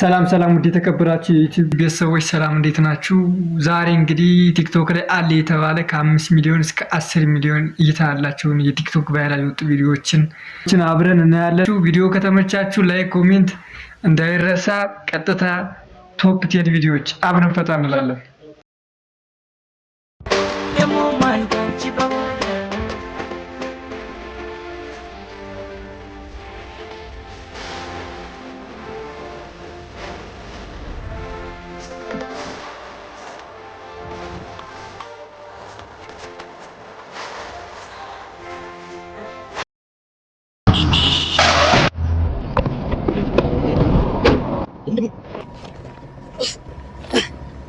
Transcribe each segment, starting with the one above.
ሰላም ሰላም ውድ የተከበራችሁ የዩቲዩብ ቤተሰቦች ሰላም እንዴት ናችሁ? ዛሬ እንግዲህ ቲክቶክ ላይ አለ የተባለ ከአምስት ሚሊዮን እስከ አስር ሚሊዮን እይታ ያላቸውን የቲክቶክ ቫይራል የወጡ ቪዲዮዎችን አብረን እናያለን። ቪዲዮ ከተመቻችሁ ላይክ፣ ኮሜንት እንዳይረሳ። ቀጥታ ቶፕ ቴን ቪዲዮዎች አብረን ፈጣን እንላለን።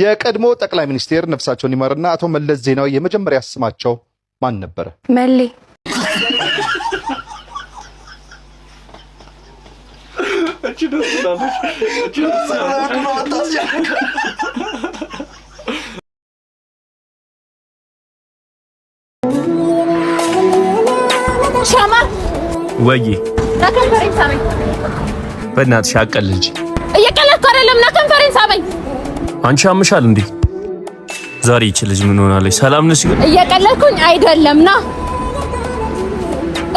የቀድሞ ጠቅላይ ሚኒስቴር ነፍሳቸውን ይመርና አቶ መለስ ዜናዊ የመጀመሪያ ስማቸው ማን ነበረ? መሌ። ወይ በእናትሽ አቀልልጂ። እየቀለድኩ አይደለም። ና ከንፈሬን ሳበኝ። አንቺ አምሻል እንዴ? ዛሬ ይቺ ልጅ ምን ሆናለች? ሰላም ነሽ? እየቀለድኩኝ አይደለም። ና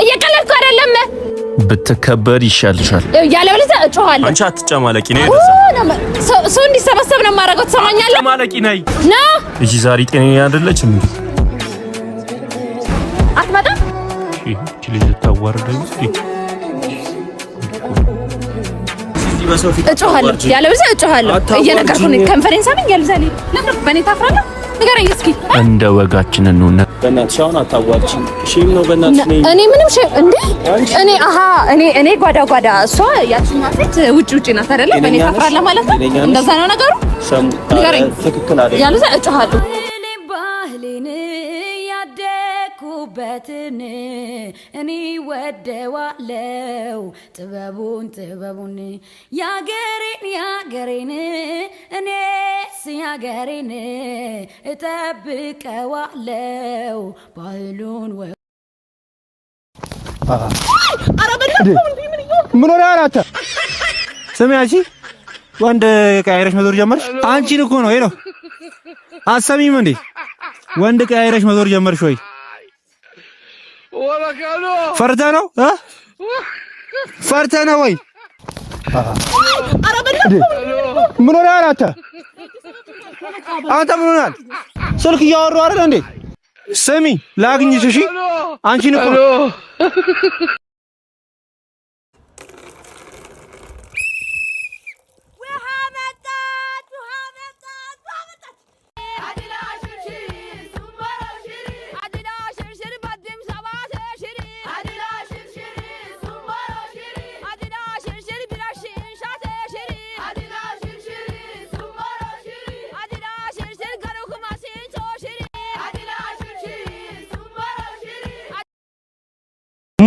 እየቀለድኩ አይደለም። ብትከበር ይሻልሻል። ያለው ልጅ እጮሃለሁ። አንቺ አትጨማለቂ ነይ። ሰው እንዲሰበሰብ ነው የማደርገው። ትሰማኛለህ? አትጨማለቂ ነይ። ና እሺ። ዛሬ ጤነኛ አይደለች እንዴ? አትመጣም። እቺ ልጅ ታዋርደኝ። እጮሃለሁ ያለበለዚያ እጮሃለሁ። እየነገርኩ ነው። ከንፈሬን ሳምኝ ያልብዛል። በእኔ ታፍራለህ? ንገረኝ እስኪ። እንደ ወጋችን እኔ ምንም እንዴ! እኔ አሃ እኔ እኔ ጓዳ ጓዳ፣ እሷ ያቺኛ ሴት ውጪ ውጪ ናት አይደለ? በእኔ ታፍራለህ ማለት ነው። እንደዛ ነው ነገሩ። ንገረኝ። ያለበለዚያ እጮሃለሁ። ያለሁበትን እኔ ወደዋለው ጥበቡን ጥበቡን ያገሬን ያገሬን እኔስ ያገሬን እጠብቀዋለው ባህሉን ምን ሆነ ስሚ አንቺ ወንድ ቀያይረሽ መዞር ጀመርሽ አንቺን እኮ ነው ሄሎ አሰሚም እንዴ ወንድ ቀያይረሽ መዞር ጀመርሽ ወይ ፈርተ ነው ፈርተህ ነው ወይ? ምን ሆነህ አንተ አንተ ምን ሆነሃል? ስልክ እያወሩ አይደል እንዴ? ስሚ ላግኝሽ። እሺ አንቺን እኮ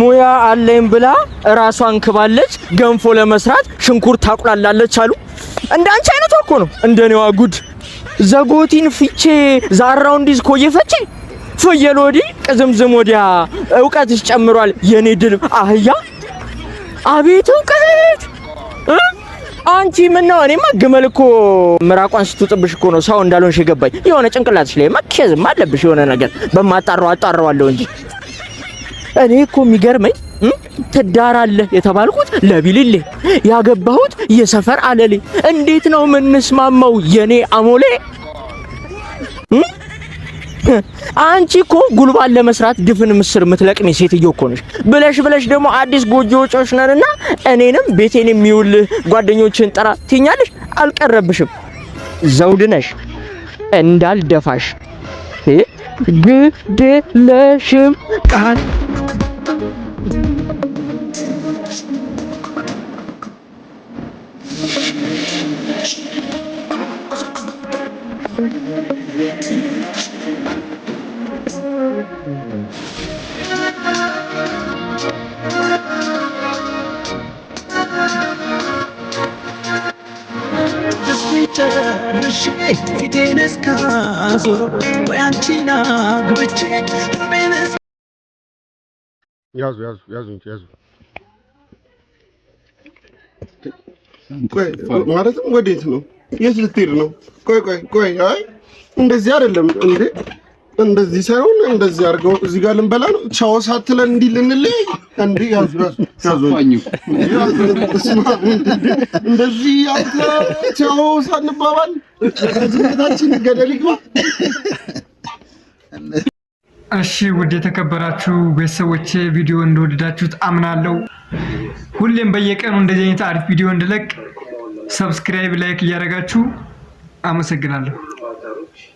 ሙያ አለኝ ብላ እራሷን ክባለች። ገንፎ ለመስራት ሽንኩርት ታቁላላለች አሉ። እንዳንቺ አንቺ አይነቷ እኮ ነው እንደኔዋ ጉድ ዘጎቲን ፍቼ ዛራው እንዲዝ ኮየ ፈቼ ፍየል ወዲህ ቅዝምዝም ወዲያ እውቀትሽ ጨምሯል የኔ ድል አህያ። አቤት እውቀት አንቺ ምነው? እኔማ ግመል እኮ ምራቋን ስትውጥብሽ እኮ ነው ሰው እንዳልሆንሽ የገባኝ። የሆነ ጭንቅላትሽ ላይ መኬዝም አለብሽ የሆነ ነገር። በማጣራው አጣራዋለሁ እንጂ እኔ እኮ የሚገርመኝ ትዳራለህ የተባልኩት ለቢልሌ ያገባሁት የሰፈር አለሌ። እንዴት ነው የምንስማማው? የኔ አሞሌ አንቺ እኮ ጉልባን ለመስራት ድፍን ምስር የምትለቅሚ ሴትዮ እኮ ነሽ። ብለሽ ብለሽ ደግሞ አዲስ ጎጆ ወጪዎች ነንና እኔንም ቤቴን የሚውል ጓደኞችን ጠራ ትኛለሽ። አልቀረብሽም ዘውድነሽ እንዳልደፋሽ ግድለሽም ቃል ያዙ ያዙ ያዙ ያዙ። ማለትም ወዴት ነው? የት ልትሄድ ነው? ቆይ ቆይ ቆይ፣ አይ እንደዚህ አይደለም እንዴ! እንደዚህ ሳይሆን እንደዚህ አድርገው እዚህ ጋር ልንበላ ነው። ቻው ሳትለን እንዲህ ልንልህ እንዴ! ያዙ። ያዝ እንደዚህ ያለ ቻው ሳንባባል ዝምታችን ገደል ይግባ። እሺ ውድ የተከበራችሁ ቤተሰቦቼ ቪዲዮ እንደወደዳችሁት አምናለሁ። ሁሌም በየቀኑ እንደዚህ አይነት አሪፍ ቪዲዮ እንድለቅ ሰብስክራይብ፣ ላይክ እያደረጋችሁ አመሰግናለሁ።